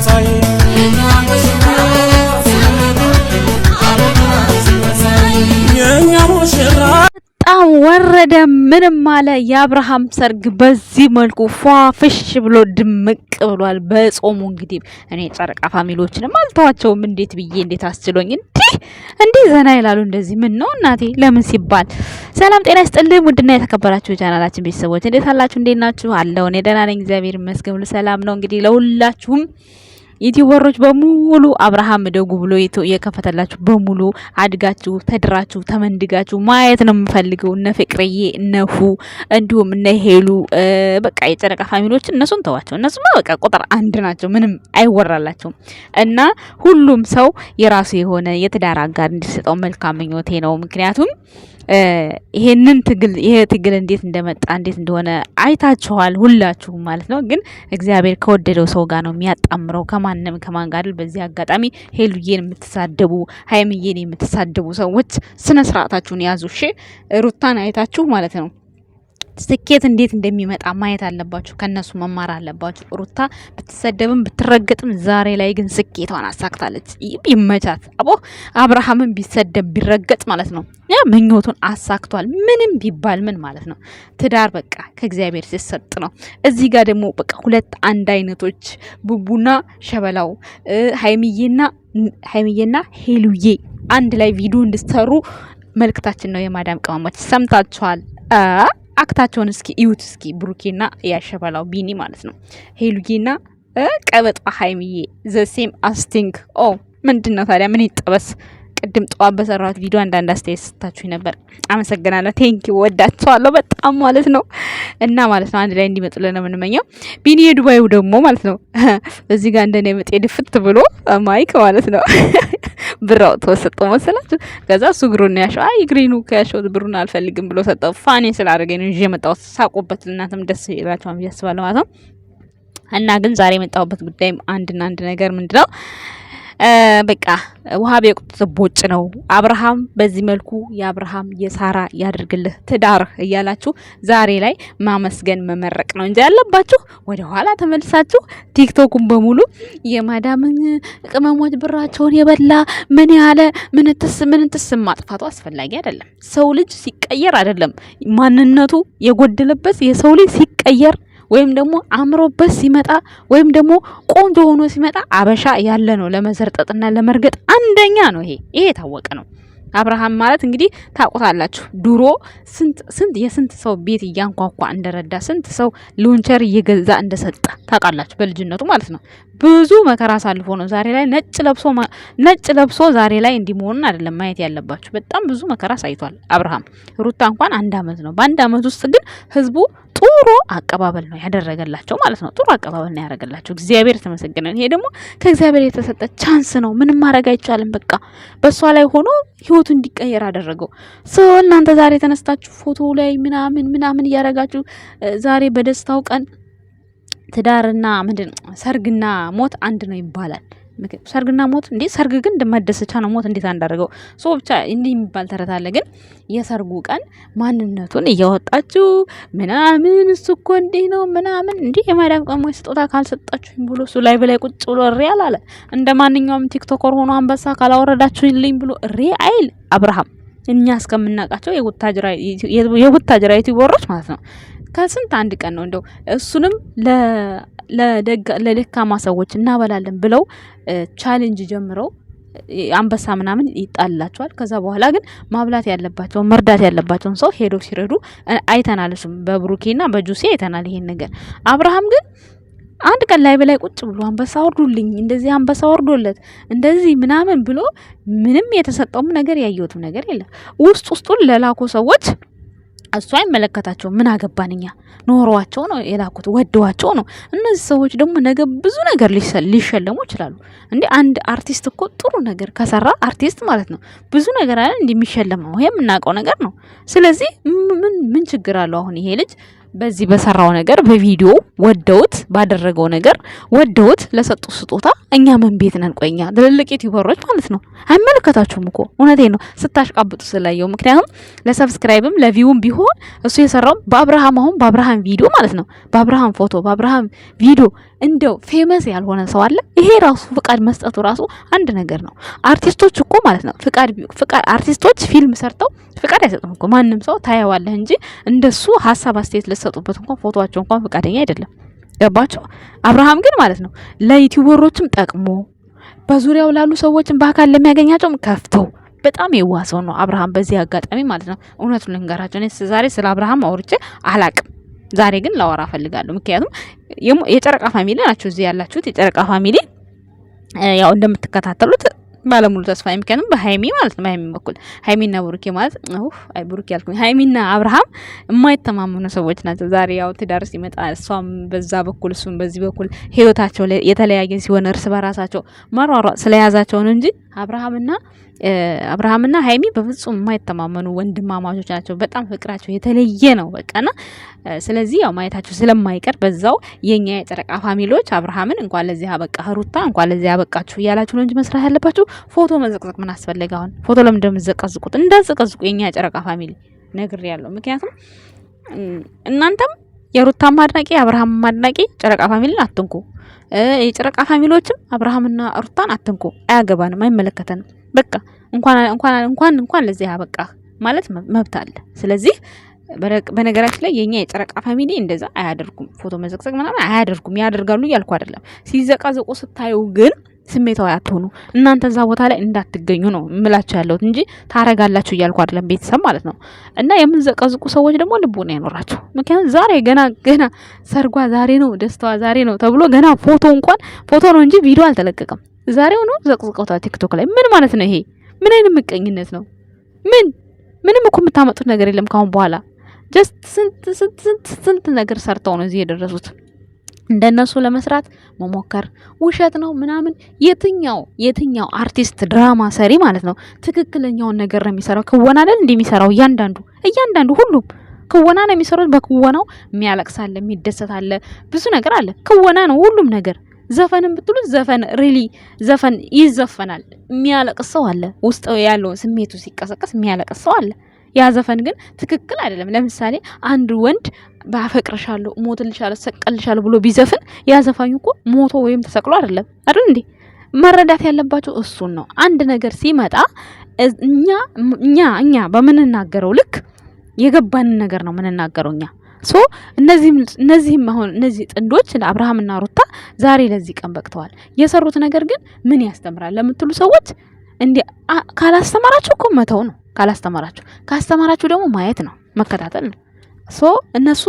在 ወረደ ምንም አለ የአብርሃም ሰርግ በዚህ መልኩ ፏፍሽ ብሎ ድምቅ ብሏል። በጾሙ እንግዲህ እኔ ጨረቃ ፋሚሊዎችንም አልተዋቸውም። እንዴት ብዬ እንዴት አስችሎኝ እንዲህ እንዲህ ዘና ይላሉ። እንደዚህ ምን ነው እናቴ ለምን ሲባል ሰላም ጤና ይስጥልኝ። ውድና የተከበራችሁ ቻናላችን ቤተሰቦች እንዴት አላችሁ? እንዴት ናችሁ? አለው እኔ ደህና ነኝ፣ እግዚአብሔር ይመስገን፣ ሰላም ነው። እንግዲህ ለሁላችሁም ዩቲዩበሮች በሙሉ አብርሃም ደጉ ብሎ የከፈተላችሁ በሙሉ አድጋችሁ ተድራችሁ ተመንድጋችሁ ማየት ነው የምፈልገው። እነ ፍቅርዬ እነሁ እንዲሁም እነ ሄሉ በቃ የጨረቃ ፋሚሊዎች እነሱን ተዋቸው። እነሱማ በቃ ቁጥር አንድ ናቸው፣ ምንም አይወራላቸውም። እና ሁሉም ሰው የራሱ የሆነ የትዳር አጋር እንዲሰጠው መልካም ምኞቴ ነው። ምክንያቱም ይሄንን ትግል ይሄ ትግል እንዴት እንደመጣ እንዴት እንደሆነ አይታችኋል ሁላችሁም ማለት ነው። ግን እግዚአብሔር ከወደደው ሰው ጋር ነው የሚያጣምረው ከማንም ከማን ጋር። በዚህ አጋጣሚ ሄሉዬን የምትሳደቡ ሀይምዬን የምትሳደቡ ሰዎች ስነ ስርዓታችሁን ያዙ። እሺ ሩታን አይታችሁ ማለት ነው ስኬት እንዴት እንደሚመጣ ማየት አለባችሁ። ከነሱ መማር አለባችሁ። ሩታ ብትሰደብም ብትረገጥም ዛሬ ላይ ግን ስኬቷን አሳክታለች። ይመቻት። አቦ አብርሃምን ቢሰደብ ቢረገጥ ማለት ነው ምኞቱን አሳክቷል። ምንም ቢባል ምን ማለት ነው? ትዳር በቃ ከእግዚአብሔር ሲሰጥ ነው። እዚህ ጋር ደግሞ በቃ ሁለት አንድ አይነቶች ቡቡና ሸበላው ሀይሚዬና ሀይሚዬና ሄሉዬ አንድ ላይ ቪዲዮ እንድትሰሩ መልእክታችን ነው። የማዳም ቅመሞች ሰምታችኋል። አክታቸውን እስኪ እዩት። እስኪ ብሩኬና ያሸበላው ቢኒ ማለት ነው ሄሉጌና ቀበጧ ሀይምዬ ዘሴም አስቲንግ ኦ ምንድን ነው ታዲያ? ምን ይጠበስ? ቅድም ጠዋት በሰራሁት ቪዲዮ አንዳንድ አስተያየት ስታችሁ ነበር። አመሰግናለሁ። ቴንኪ ወዳችኋለሁ በጣም ማለት ነው እና ማለት ነው አንድ ላይ እንዲመጡ ነው የምንመኘው። ቢኒ የዱባዩ ደግሞ ማለት ነው እዚህ ጋር እንደኔ መጤ ድፍት ብሎ ማይክ ማለት ነው ብራው ተወሰጠ መሰላችሁ። ከዛ እሱ እግሩን ያሸው አይ ግሪኑ ከያሸው ብሩን አልፈልግም ብሎ ሰጠው። ፋኔ ስላደረገኝ ነው ይዤ የመጣሁት። ሳቁበት፣ እናንተም ደስ ይላቸዋል ብዬ አስባለሁ ማለት ነው እና ግን ዛሬ የመጣሁበት ጉዳይ አንድና አንድ ነገር ምንድነው በቃ ውሃ ቤቁት ቦጭ ነው። አብርሃም በዚህ መልኩ የአብርሃም የሳራ ያድርግልህ ትዳር እያላችሁ ዛሬ ላይ ማመስገን መመረቅ ነው እንጂ ያለባችሁ ወደ ኋላ ተመልሳችሁ ቲክቶኩን በሙሉ የማዳምን ቅመሞች ብራቸውን የበላ ምን ያለ ምንትስ ምንትስ ማጥፋቱ አስፈላጊ አይደለም። ሰው ልጅ ሲቀየር አይደለም ማንነቱ የጎደለበት የሰው ልጅ ሲቀየር ወይም ደግሞ አምሮበት ሲመጣ ወይም ደግሞ ቆንጆ ሆኖ ሲመጣ አበሻ ያለ ነው ለመዘርጠጥና ለመርገጥ አንደኛ ነው። ይሄ ይሄ የታወቀ ነው። አብርሃም ማለት እንግዲህ ታውቁታላችሁ። ድሮ ስንት የስንት ሰው ቤት እያንኳኳ እንደረዳ ስንት ሰው ሎንቸር እየገዛ እንደሰጠ ታውቃላችሁ። በልጅነቱ ማለት ነው። ብዙ መከራ አሳልፎ ነው ዛሬ ላይ ነጭ ለብሶ ነጭ ለብሶ ዛሬ ላይ እንዲመሆኑን አይደለም ማየት ያለባችሁ። በጣም ብዙ መከራ አሳይቷል አብርሃም። ሩታ እንኳን አንድ አመት ነው። በአንድ አመት ውስጥ ግን ህዝቡ ጥሩ አቀባበል ነው ያደረገላቸው ማለት ነው። ጥሩ አቀባበል ነው ያደረገላቸው። እግዚአብሔር ተመሰገነ። ይሄ ደግሞ ከእግዚአብሔር የተሰጠ ቻንስ ነው። ምንም ማድረግ አይቻልም። በቃ በእሷ ላይ ሆኖ ህይወቱ እንዲቀየር አደረገው። ሰው እናንተ ዛሬ ተነስታችሁ ፎቶ ላይ ምናምን ምናምን እያደረጋችሁ ዛሬ በደስታው ቀን ትዳርና ምንድን ሰርግና ሞት አንድ ነው ይባላል። ሰርግና ሞት እንዴ! ሰርግ ግን መደሰቻ ነው። ሞት እንዴት አንዳደርገው? ሶ ብቻ እንዲህ የሚባል ተረት አለ። ግን የሰርጉ ቀን ማንነቱን እያወጣችሁ ምናምን እሱ እኮ እንዲህ ነው ምናምን እንዲ የማዳም ቀሞች ስጦታ ካልሰጣችሁኝ ብሎ እሱ ላይ በላይ ቁጭ ብሎ እሬ አላለ። እንደ ማንኛውም ቲክቶከር ሆኖ አንበሳ ካላወረዳችሁልኝ ብሎ እሬ አይል አብርሃም። እኛ እስከምናውቃቸው የቡታጅራ የቡታጅራ ዩቲዩበሮች ማለት ነው ከስንት አንድ ቀን ነው እንደው እሱንም ለደካማ ሰዎች እናበላለን ብለው ቻሌንጅ ጀምረው አንበሳ ምናምን ይጣልላቸዋል። ከዛ በኋላ ግን ማብላት ያለባቸውን መርዳት ያለባቸውን ሰው ሄዶ ሲረዱ አይተናል። እሱም በብሩኬና በጁሴ አይተናል ይሄን ነገር። አብርሃም ግን አንድ ቀን ላይ በላይ ቁጭ ብሎ አንበሳ ወርዶልኝ እንደዚህ አንበሳ ወርዶለት እንደዚህ ምናምን ብሎ ምንም የተሰጠውም ነገር ያየሁትም ነገር የለም። ውስጥ ውስጡን ለላኮ ሰዎች እሱ አይመለከታቸውም። ምን አገባን እኛ። ኖሯቸው ነው የላኩት፣ ወደዋቸው ነው። እነዚህ ሰዎች ደግሞ ነገ ብዙ ነገር ሊሸለሙ ይችላሉ። እንደ አንድ አርቲስት እኮ ጥሩ ነገር ከሰራ አርቲስት ማለት ነው ብዙ ነገር አለ እንደሚሸለመው ይሄ የምናውቀው ነገር ነው። ስለዚህ ምን ምን ችግር አለው አሁን ይሄ ልጅ በዚህ በሰራው ነገር በቪዲዮ ወደውት ባደረገው ነገር ወደውት ለሰጡት ስጦታ እኛ ምን ቤት ነን? ቆኛ ትልልቅ ዩቲዩበሮች ማለት ነው። አይመለከታችሁም እኮ እውነቴ ነው ስታሽቃብጡ ስላየው። ምክንያቱም ለሰብስክራይብም ለቪውም ቢሆን እሱ የሰራው በአብርሃም አሁን በአብርሃም ቪዲዮ ማለት ነው በአብርሃም ፎቶ በአብርሃም ቪዲዮ እንደው ፌመስ ያልሆነ ሰው አለ? ይሄ ራሱ ፍቃድ መስጠቱ ራሱ አንድ ነገር ነው። አርቲስቶች እኮ ማለት ነው ፍቃድ ፍቃድ አርቲስቶች ፊልም ሰርተው ፍቃድ አይሰጡም እኮ ማንም ሰው ታየዋለህ እንጂ እንደሱ ሀሳብ አስተያየት ልትሰጡበት እንኳን ፎቶዋቸው እንኳን ፈቃደኛ አይደለም። ገባቸው። አብርሃም ግን ማለት ነው ለዩቲዩበሮችም ጠቅሞ በዙሪያው ላሉ ሰዎችም በአካል ለሚያገኛቸውም ከፍቶ በጣም የዋሰው ነው አብርሃም። በዚህ አጋጣሚ ማለት ነው እውነቱን ልንገራቸው፣ እኔ ዛሬ ስለ አብርሃም አውርቼ አላቅም። ዛሬ ግን ላወራ ፈልጋለሁ። ምክንያቱም የጨረቃ ፋሚሊ ናቸው እዚህ ያላችሁት። የጨረቃ ፋሚሊ ያው እንደምትከታተሉት ባለሙሉ ተስፋ የሚቀንም በሀይሚ ማለት ነው። በሀይሚ በኩል ሀይሚና ብሩኬ ማለት አይ ብሩኬ ያልኩኝ ሀይሚና አብርሃም የማይተማመኑ ሰዎች ናቸው። ዛሬ ያው ትዳር ሲመጣ እሷም በዛ በኩል እሱም በዚህ በኩል ህይወታቸው የተለያየ ሲሆን እርስ በራሳቸው መሯሯጥ ስለያዛቸው ነው እንጂ አብርሃምና አብርሃምና ሀይሚ በፍጹም የማይተማመኑ ወንድማማቾች ናቸው። በጣም ፍቅራቸው የተለየ ነው። በቃና ስለዚህ ያው ማየታቸው ስለማይቀር በዛው የኛ የጨረቃ ፋሚሊዎች አብርሃምን እንኳን ለዚህ አበቃ ሩታ እንኳን ለዚህ አበቃችሁ እያላችሁ ነው እንጂ መስራት ያለባችሁ ፎቶ መዘቅዘቅ ምን አስፈለገ? አሁን ፎቶ ለምን እንደምዘቀዝቁት እንዳዘቀዝቁ የኛ የጨረቃ ፋሚሊ ነግር ያለው ምክንያቱም እናንተም የሩታ ማድናቂ የአብርሃም ማድናቂ ጨረቃ ፋሚሊን አትንኩ። የጨረቃ ፋሚሊዎችም አብርሃምና ሩታን አትንኩ። አያገባንም፣ አይመለከተንም። በቃ እንኳን እንኳን እንኳን እንኳን ለዚህ አበቃህ ማለት መብት አለ። ስለዚህ በነገራችን ላይ የኛ የጨረቃ ፋሚሊ እንደዛ አያደርጉም። ፎቶ መዘቅዘቅ ምናምን አያደርጉም። ያደርጋሉ እያልኩ አይደለም። ሲዘቃዘቁ ስታዩ ግን ስሜታዊ አትሆኑ። እናንተ እዛ ቦታ ላይ እንዳትገኙ ነው እምላችሁ ያለሁት እንጂ ታረጋላችሁ እያልኩ አይደለም። ቤተሰብ ማለት ነው እና የምንዘቀዝቁ ሰዎች ደግሞ ልቦና ያኖራቸው። ምክንያቱም ዛሬ ገና ገና ሰርጓ ዛሬ ነው፣ ደስታዋ ዛሬ ነው ተብሎ ገና ፎቶ እንኳን ፎቶ ነው እንጂ ቪዲዮ አልተለቀቀም። ዛሬው ነው ዘቅዝቀውታ ቲክቶክ ላይ ምን ማለት ነው ይሄ? ምን አይነት ምቀኝነት ነው? ምን ምንም እኮ የምታመጡት ነገር የለም ካሁን በኋላ ጀስት ስንት ስንት ስንት ስንት ነገር ሰርተው ነው እዚህ የደረሱት። እንደነሱ ለመስራት መሞከር ውሸት ነው ምናምን። የትኛው የትኛው አርቲስት ድራማ ሰሪ ማለት ነው ትክክለኛውን ነገር ነው የሚሰራው። ክወና አይደል የሚሰራው እያንዳንዱ እያንዳንዱ ሁሉም ክወና ነው የሚሰሩት። በክወናው የሚያለቅሳለ፣ የሚደሰታለ ብዙ ነገር አለ። ክወና ነው ሁሉም ነገር ዘፈንም ብትሉት ዘፈን ሪሊ ዘፈን ይዘፈናል። የሚያለቅስ ሰው አለ፣ ውስጥ ያለውን ስሜቱ ሲቀሰቀስ የሚያለቅስ ሰው አለ። ያ ዘፈን ግን ትክክል አይደለም። ለምሳሌ አንድ ወንድ ባፈቅርሻለሁ፣ ሞትልሻለሁ፣ ሰቀልሻለሁ ብሎ ቢዘፍን ያ ዘፋኙ እኮ ሞቶ ወይም ተሰቅሎ አይደለም አይደል እንዴ? መረዳት ያለባቸው እሱን ነው። አንድ ነገር ሲመጣ እኛ እኛ እኛ በምንናገረው ልክ የገባንን ነገር ነው የምንናገረው እኛ ሶ እነዚህም አሁን እነዚህ ጥንዶች አብርሃምና ሩታ ዛሬ ለዚህ ቀን በቅተዋል። የሰሩት ነገር ግን ምን ያስተምራል ለምትሉ ሰዎች እንዲህ ካላስተማራችሁ እኮ መተው ነው። ካላስተማራችሁ ካስተማራችሁ ደግሞ ማየት ነው መከታተል ነው። ሶ እነሱ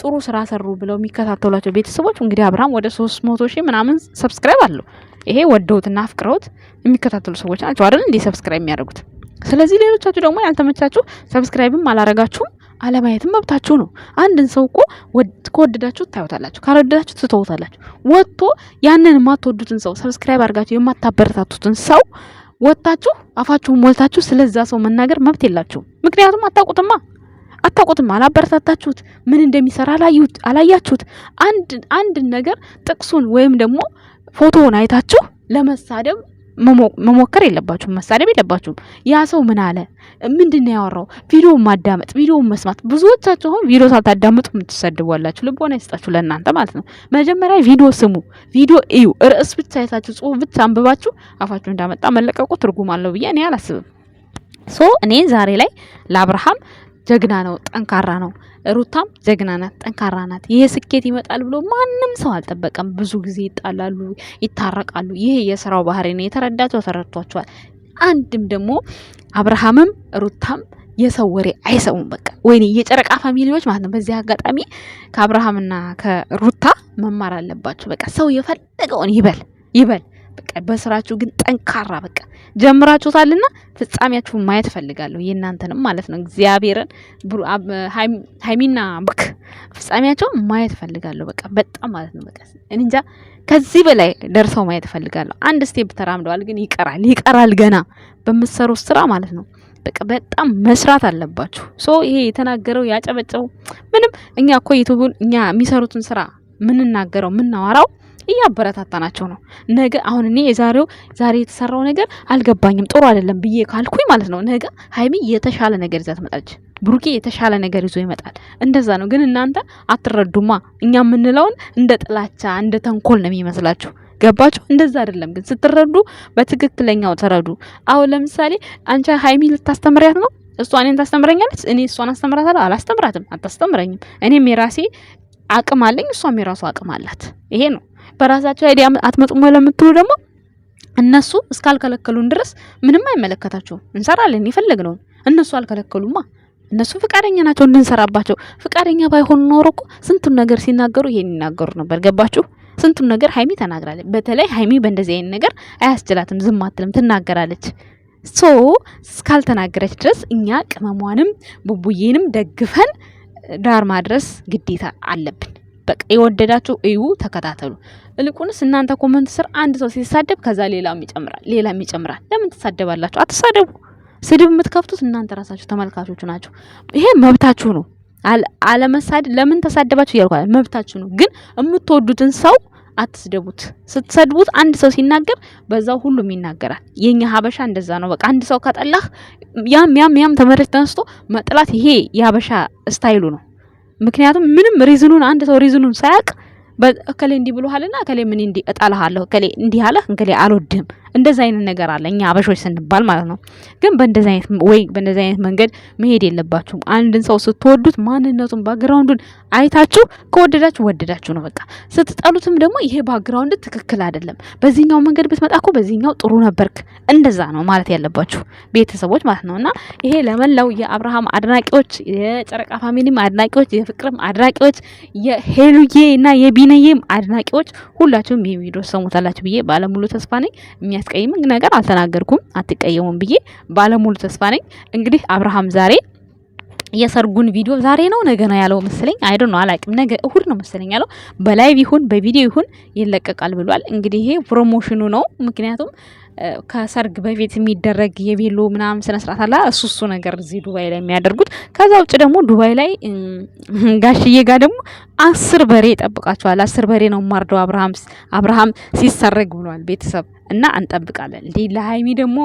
ጥሩ ስራ ሰሩ ብለው የሚከታተሏቸው ቤተሰቦች እንግዲህ አብርሃም ወደ ሶስት መቶ ሺህ ምናምን ሰብስክራይብ አለው። ይሄ ወደውትና አፍቅረውት የሚከታተሉ ሰዎች ናቸው አይደል እንዲህ ሰብስክራይብ የሚያደርጉት። ስለዚህ ሌሎቻችሁ ደግሞ ያልተመቻችሁ ሰብስክራይብም አላረጋችሁም አለማየትም መብታችሁ ነው። አንድን ሰው እኮ ከወደዳችሁ ታዩታላችሁ፣ ካልወደዳችሁ ትተውታላችሁ። ወጥቶ ያንን የማትወዱትን ሰው ሰብስክራይብ አድርጋችሁ የማታበረታቱትን ሰው ወጥታችሁ አፋችሁን ሞልታችሁ ስለዛ ሰው መናገር መብት የላችሁም። ምክንያቱም አታውቁትማ አታውቁትም አላበረታታችሁት፣ ምን እንደሚሰራ አላያችሁት። አንድ አንድን ነገር ጥቅሱን ወይም ደግሞ ፎቶውን አይታችሁ ለመሳደብ መሞከር የለባችሁም፣ መሳደብ የለባችሁም። ያ ሰው ምን አለ ምንድን ነው ያወራው? ቪዲዮ ማዳመጥ፣ ቪዲዮ መስማት። ብዙዎቻችሁ አሁን ቪዲዮ ሳታዳምጡ የምትሰድቧላችሁ፣ ልቦና ይስጣችሁ ለእናንተ ማለት ነው። መጀመሪያ ቪዲዮ ስሙ፣ ቪዲዮ እዩ። ርዕስ ብቻ አይታችሁ ጽሁፍ ብቻ አንብባችሁ አፋችሁ እንዳመጣ መለቀቁ ትርጉም አለው ብዬ እኔ አላስብም። ሶ እኔ ዛሬ ላይ ለአብርሃም ጀግና ነው፣ ጠንካራ ነው። ሩታም ጀግና ናት፣ ጠንካራ ናት። ይሄ ስኬት ይመጣል ብሎ ማንም ሰው አልጠበቀም። ብዙ ጊዜ ይጣላሉ፣ ይታረቃሉ። ይሄ የስራው ባህሪ ነው። የተረዳቸው ተረድቷቸዋል። አንድም ደግሞ አብርሃምም ሩታም የሰው ወሬ አይሰሙም። በቃ ወይኔ የጨረቃ ፋሚሊዎች ማለት ነው። በዚህ አጋጣሚ ከአብርሃምና ከሩታ መማር አለባቸው። በቃ ሰው የፈለገውን ይበል ይበል በቃ በስራችሁ ግን ጠንካራ በቃ ጀምራችሁታልና ፍጻሜያችሁ ማየት ፈልጋለሁ። የእናንተንም ማለት ነው እግዚአብሔርን ሀይሚና ብክ ፍጻሜያቸውን ማየት ፈልጋለሁ። በቃ በጣም ማለት ነው በቃ እንጃ ከዚህ በላይ ደርሰው ማየት ፈልጋለሁ። አንድ ስቴፕ ተራምደዋል፣ ግን ይቀራል ይቀራል ገና በምትሰሩት ስራ ማለት ነው። በቃ በጣም መስራት አለባችሁ። ሶ ይሄ የተናገረው ያጨበጨበው ምንም እኛ እኮ እኛ የሚሰሩትን ስራ ምንናገረው ምናወራው እያበረታታናቸው ነው። ነገ አሁን እኔ የዛሬው ዛሬ የተሰራው ነገር አልገባኝም ጥሩ አይደለም ብዬ ካልኩኝ ማለት ነው ነገ ሀይሚ የተሻለ ነገር ይዛ ትመጣለች። ብሩኬ የተሻለ ነገር ይዞ ይመጣል። እንደዛ ነው። ግን እናንተ አትረዱማ። እኛ የምንለውን እንደ ጥላቻ እንደ ተንኮል ነው የሚመስላችሁ ገባችሁ? እንደዛ አይደለም። ግን ስትረዱ በትክክለኛው ተረዱ። አሁን ለምሳሌ አንቺ ሀይሚ ልታስተምሪያት ነው፣ እሷ እኔን ታስተምረኛለች። እኔ እሷን አስተምራታለሁ? አላስተምራትም፣ አታስተምረኝም። እኔም የራሴ አቅም አለኝ፣ እሷም የራሷ አቅም አላት። ይሄ ነው። በራሳቸው አይዲያ አትመጡም ለምትሉ ደግሞ እነሱ እስካልከለከሉን ድረስ ምንም አይመለከታቸውም። እንሰራለን የፈለግነውን። እነሱ አልከለከሉማ። እነሱ ፍቃደኛ ናቸው እንድንሰራባቸው። ፍቃደኛ ባይሆኑ ኖሮ እኮ ስንቱን ነገር ሲናገሩ ይሄን ይናገሩ ነበር። ገባችሁ? ስንቱን ነገር ሀይሚ ተናግራለች። በተለይ ሀይሚ በእንደዚህ አይነት ነገር አያስችላትም፣ ዝም አትልም፣ ትናገራለች። ሶ እስካልተናገረች ድረስ እኛ ቅመሟንም ቡቡዬንም ደግፈን ዳር ማድረስ ግዴታ አለብን። በቃ የወደዳቸው እዩ፣ ተከታተሉ። እልቁንስ እናንተ ኮመንት ስር አንድ ሰው ሲሳደብ ከዛ ሌላም ይጨምራል፣ ሌላም ይጨምራል። ለምን ትሳደባላችሁ? አትሳደቡ። ስድብ የምትከፍቱት እናንተ ራሳችሁ ተመልካቾቹ ናችሁ። ይሄ መብታችሁ ነው። አለመሳደ ለምን ተሳደባችሁ እያልኳል፣ መብታችሁ ነው። ግን የምትወዱትን ሰው አትስደቡት። ስትሰድቡት አንድ ሰው ሲናገር በዛው ሁሉም ይናገራል። የኛ ሀበሻ እንደዛ ነው። በቃ አንድ ሰው ከጠላህ ያም ያም ያም ተመረች ተነስቶ መጥላት፣ ይሄ የሀበሻ ስታይሉ ነው። ምክንያቱም ምንም ሪዝኑን አንድ ሰው ሪዝኑን ሳያውቅ እከሌ እንዲህ ብሎሃልና እከሌ ምን እንዲህ እጣልሃለሁ እከሌ እንዲህ አለህ እንከሌ አልወድህም እንደዚ አይነት ነገር አለ እኛ አበሾች ስንባል ማለት ነው። ግን በእንደዚ አይነት ወይ በእንደዚ አይነት መንገድ መሄድ የለባችሁም። አንድን ሰው ስትወዱት ማንነቱን ባግራውንዱን አይታችሁ ከወደዳችሁ ወደዳችሁ ነው በቃ። ስትጠሉትም ደግሞ ይሄ ባግራውንድ ትክክል አይደለም፣ በዚህኛው መንገድ ብትመጣ እኮ በዚህኛው ጥሩ ነበርክ፣ እንደዛ ነው ማለት ያለባችሁ ቤተሰቦች ማለት ነው። እና ይሄ ለመላው የአብርሃም አድናቂዎች፣ የጨረቃ ፋሚሊም አድናቂዎች፣ የፍቅርም አድናቂዎች፣ የሄሉዬ እና የቢነዬም አድናቂዎች ሁላችሁም ይህ ቪዲዮ ሰሙታላችሁ ብዬ ባለሙሉ ተስፋ ነኝ። የሚያስቀይም ነገር አልተናገርኩም። አትቀየሙም ብዬ ባለሙሉ ተስፋ ነኝ። እንግዲህ አብርሃም ዛሬ የሰርጉን ቪዲዮ ዛሬ ነው ነገ ነው ያለው መሰለኝ። አይዶ ነው አላውቅም። ነገ እሁድ ነው መሰለኝ ያለው በላይቭ ይሁን በቪዲዮ ይሁን ይለቀቃል ብሏል። እንግዲህ ይሄ ፕሮሞሽኑ ነው። ምክንያቱም ከሰርግ በፊት የሚደረግ የቤሎ ምናምን ስነስርዓት አለ። እሱ እሱ ነገር እዚህ ዱባይ ላይ የሚያደርጉት። ከዛ ውጭ ደግሞ ዱባይ ላይ ጋሽዬ ጋር ደግሞ አስር በሬ ይጠብቃቸዋል። አስር በሬ ነው ማርደው አብርሃም አብርሃም ሲሰረግ ብሏል ቤተሰብ እና እንጠብቃለን። እንዲህ ለሀይሚ ደግሞ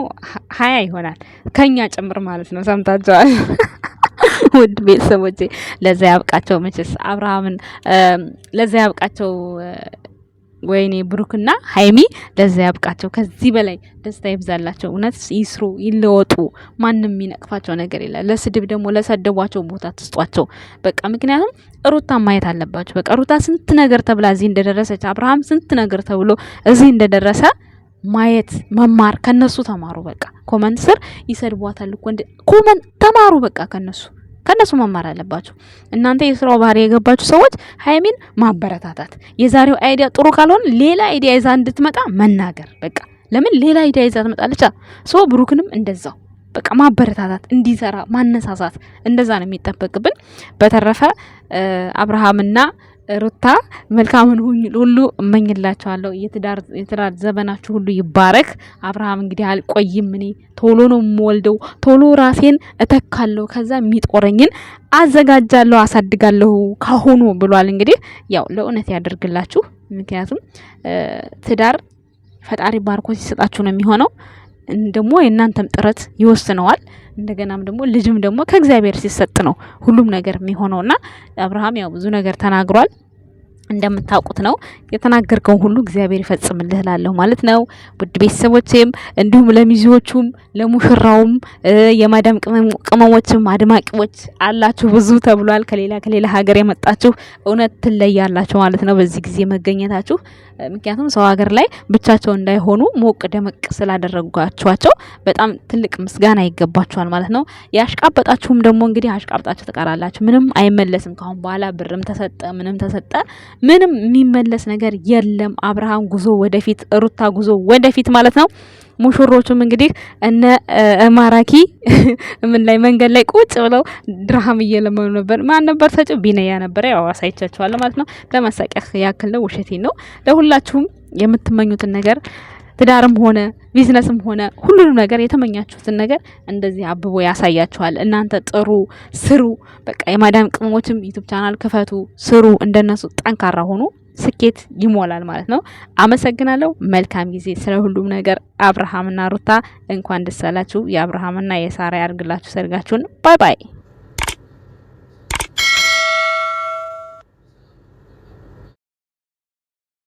ሀያ ይሆናል ከኛ ጭምር ማለት ነው። ሰምታቸዋል ውድ ቤተሰቦቼ፣ ለዛ ያብቃቸው። መቼስ አብርሃምን ለዛ ያብቃቸው። ወይኔ ብሩክና ሀይሚ ለዛ ያብቃቸው። ከዚህ በላይ ደስታ ይብዛላቸው። እውነት ይስሩ፣ ይለወጡ። ማንም የሚነቅፋቸው ነገር የለ። ለስድብ ደግሞ ለሰደቧቸው ቦታ ትስጧቸው። በቃ ምክንያቱም ሩታ ማየት አለባቸው። በቃ ሩታ ስንት ነገር ተብላ እዚህ እንደደረሰች፣ አብርሃም ስንት ነገር ተብሎ እዚህ እንደደረሰ ማየት መማር፣ ከነሱ ተማሩ። በቃ ኮመንት ስር ይሰድቧታል እኮ ኮመንት ተማሩ። በቃ ከነሱ ከእነሱ መማር አለባችሁ። እናንተ የስራው ባህሪ የገባችሁ ሰዎች ሀይሚን ማበረታታት፣ የዛሬው አይዲያ ጥሩ ካልሆነ ሌላ አይዲያ ይዛ እንድትመጣ መናገር። በቃ ለምን ሌላ አይዲያ ይዛ ትመጣለች? ሰው ብሩክንም እንደዛው በቃ ማበረታታት፣ እንዲሰራ ማነሳሳት፣ እንደዛ ነው የሚጠበቅብን። በተረፈ አብርሃምና ሩታ መልካምን ሁሉ እመኝላቸዋለሁ። የትዳር ዘመናችሁ ሁሉ ይባረክ። አብርሃም እንግዲህ አልቆይም፣ እኔ ቶሎ ነው የምወልደው፣ ቶሎ ራሴን እተካለሁ፣ ከዛ የሚጦረኝን አዘጋጃለሁ፣ አሳድጋለሁ ካሁኑ ብሏል። እንግዲህ ያው ለእውነት ያደርግላችሁ። ምክንያቱም ትዳር ፈጣሪ ባርኮ ሲሰጣችሁ ነው የሚሆነው። ደግሞ የእናንተም ጥረት ይወስነዋል። እንደገናም ደግሞ ልጅም ደግሞ ከእግዚአብሔር ሲሰጥ ነው ሁሉም ነገር የሚሆነውና አብርሃም ያው ብዙ ነገር ተናግሯል። እንደምታውቁት ነው የተናገርከውን ሁሉ እግዚአብሔር ይፈጽምልህ እላለሁ ማለት ነው። ውድ ቤተሰቦቼም እንዲሁም ለሚዜዎቹም ለሙሽራውም የማዳም ቅመሞችም አድማቂዎች አላችሁ ብዙ ተብሏል። ከሌላ ከሌላ ሀገር የመጣችሁ እውነት ትለያላችሁ ማለት ነው በዚህ ጊዜ መገኘታችሁ ምክንያቱም ሰው ሀገር ላይ ብቻቸው እንዳይሆኑ ሞቅ ደመቅ ስላደረጓቸዋቸው በጣም ትልቅ ምስጋና ይገባቸዋል ማለት ነው። ያሽቃበጣችሁም ደግሞ እንግዲህ አሽቃብጣችሁ ትቀራላችሁ። ምንም አይመለስም። ካሁን በኋላ ብርም ተሰጠ ምንም ተሰጠ ምንም የሚመለስ ነገር የለም። አብርሃም ጉዞ ወደፊት፣ ሩታ ጉዞ ወደፊት ማለት ነው። ሙሽሮቹም እንግዲህ እነ ማራኪ ምን ላይ መንገድ ላይ ቁጭ ብለው ድርሃም እየለመኑ ነበር። ማን ነበር ሰጪ? ቢነያ ነበረ። ያው አሳይቻችኋለሁ ማለት ነው። ለማሳቂያ ያክል ነው፣ ውሸቴ ነው። ለሁላችሁም የምትመኙትን ነገር ትዳርም ሆነ ቢዝነስም ሆነ ሁሉንም ነገር የተመኛችሁትን ነገር እንደዚህ አብቦ ያሳያችኋል። እናንተ ጥሩ ስሩ። በቃ የማዳም ቅመሞችም ዩቱብ ቻናል ክፈቱ፣ ስሩ። እንደነሱ ጠንካራ ሆኑ። ስኬት ይሞላል ማለት ነው። አመሰግናለሁ። መልካም ጊዜ። ስለ ሁሉም ነገር አብርሃምና ሩታ እንኳን ደስ አላችሁ። የአብርሃምና የሳራ ያርግላችሁ ሰርጋችሁን። ባይ ባይ